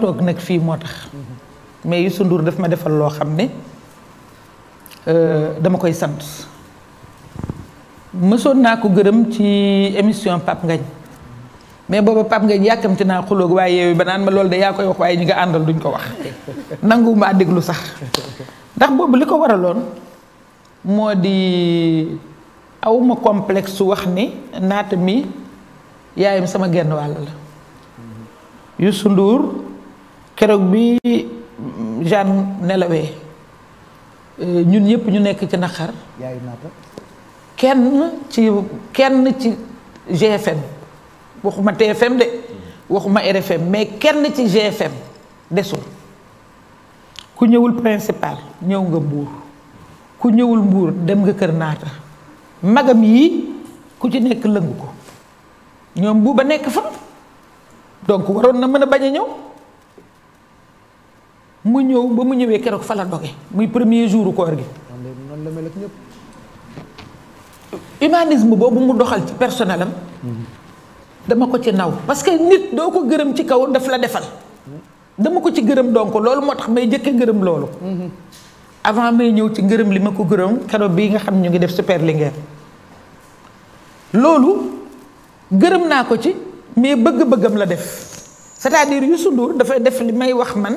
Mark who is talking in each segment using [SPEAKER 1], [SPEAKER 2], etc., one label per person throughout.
[SPEAKER 1] toog nag fii moo tax mais Youssou Ndour daf ma defal loo xam ne euh, dama koy sant mësoon naa ko gërëm ci émission Pape ngañ mais booba Pape Ngagne yàkkamti naa xuloog waaye yeewu ba naan ma loolu de yaa koy wax waaye ñi nga àndal duñ ko wax nangu maa déglu sax ndax boobu li ko waraloon moo di awma complex su wax ni naata mi yaayam sama genn wàll la Youssou Ndour keroog bi Jeanne nelawee euh, ñun ñëpp ñu nekk ci naqar kenn ci kenn ci GFM waxuma TFM de waxuma RFM mais kenn ci GFM desul ku ñëwul principal ñëw nga mbuur ku ñëwul mbuur dem nga kër naata magam yii ku ci nekk lëngu ko ñoom bu ba nekk fa donc waroon na mën a bañ a ñëw mu ñëw ba mu ñëwee keroog fa la doge muy premier jour koor gi. noonu la mel ak ñëpp. boobu mu doxal ci personnel am. dama ko ci naw parce que nit doo ko gërëm ci kaw daf la defal. dama ko ci gërëm donc loolu moo tax may jëkke gërëm loolu. avant may ñëw ci gërëm li ma ko gërëm keroog bii nga xam ñu ngi def super lingeer loolu gërëm naa ko ci mais bëgg-bëggam la def c'est-à-dire Youssou dafay def li may wax man.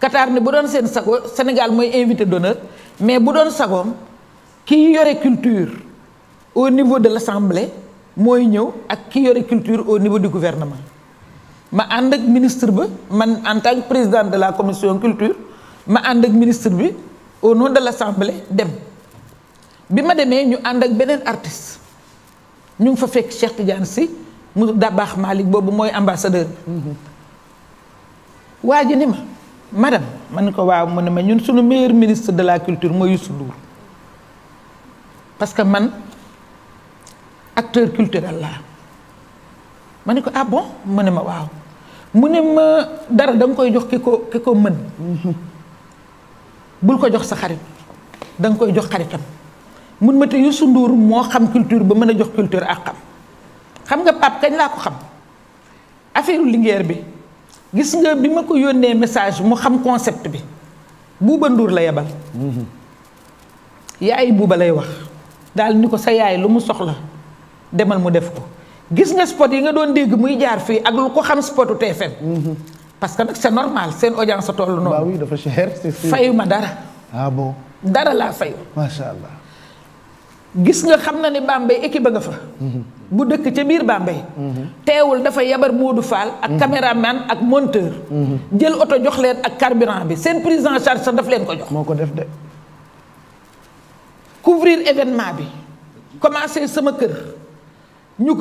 [SPEAKER 1] Qatar ne bu doon sago Sénégal moy invité d'honneur mais bu doon qui ki yoré culture au niveau de l'Assemblée moy ñëw ak ki yoré culture au niveau du gouvernement ma suis ak ministre ba man en tant que président de la commission culture ma and ak ministre bi au nom de l'Assemblée dem suis démé ñu and ak benen artiste ñu chef fa l'Assemblée Cheikh Tidiane Sy mu dabaax malik bobu moy ambassadeur bi mm-hmm. ni ma madame man ne ko waaw mu ne ma ñun suñu meilleur ministre de la culture mooy Youssou Ndour parce que man acteur culturel laa ma ne ko ah bon mu ne ma waaw mu ne ma dara da koy jox ki ko ki ko mën mhm. bul ko jox sa xarit da koy jox xaritam mun ma te Youssou Ndour moo xam culture ba mën a jox culture ak xam xam nga pap kañ laa ko xam affaire u bi gis nga bi ma ko yónnee message mu xam concept bi buuba nduur la yebal mhm. yaay buuba lay wax daal ni ko sa yaay lu mu soxla demal mu def ko gis nga spot yi nga doon dégg muy jaar fii ak lu ko xam spotu TFM mhm. parce que nag c'est normal seen audience sa toll noonu. waaw oui dafa cher fayu ma dara. ah dara laa fayu. macha allah. gis nga xam na ne Bambey équipe ba nga fa. Mhm. bu dëkk a biir Bambey teewul dafa yabar Modou Fall caméraman ak monteur jël auto jox ak carburant bi prise en charge sa daf couvrir événement bi commencé sama kër ñu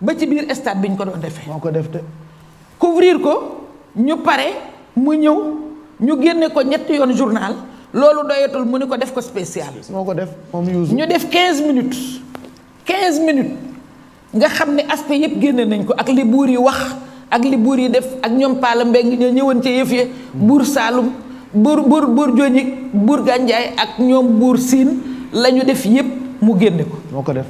[SPEAKER 1] ba ci stade ko de couvrir ko ñu paré mu ñëw ñu ko journal ce doyatul mu spécial def 15 minutes 15 minutes nga xamné aspect yépp génné nañ ko ak li bour yi wax ak li bour yi def ak ñoom paala mbeng ñoo ñëwoon ci yëf ya bour salum bour bour bour joñi bour ganjay ak ñom bour sin lañu def yépp mu génné ko moko def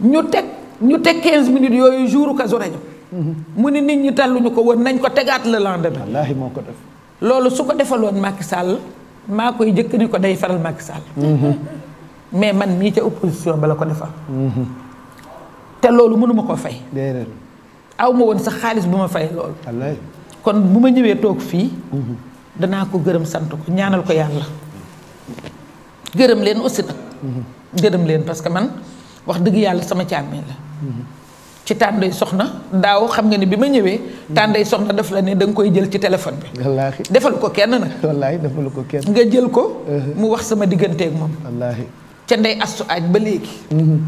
[SPEAKER 1] ñu tek ñu tek 15 minutes yooyu jouru kaso rajo mm-hmm. mu ni nit ñi tallu ñuko won nañ ko tegaat le lendemain wallahi moko def lolu su ko won Macky Sall maa ni ko day faral Macky Sall mm-hmm mais man mi ci opposition bala ko defa mhm. te lolou mënuma koo fay aw awma won sax xaalis buma fay fay wallahi kon buma ma tok fi. Mhm. dana ko gërëm sant ko ñaanal ko yalla gërëm leen aussi nak mhm. gërëm leen parce que man wax dëgg yalla sama càmmee la ci tanday soxna daaw xam nga ni bima ma tanday soxna daf la né dang koy jël ci téléphone bi wallahi defal ko kenn nak wallahi defal ko kenn nga jël ko mu wax sama ak mom wallahi ca ndey astu aaj ba léegi mhm.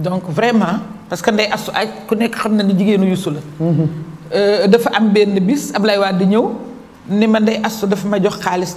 [SPEAKER 1] donc vraiment parce que ndey astu aaj ku nekk xam na ni jigéenu yusu la mhm. euh, dafa am benn bis Ablaye Wade di ñëw ni ma ndey astu dafa ma jox xaalis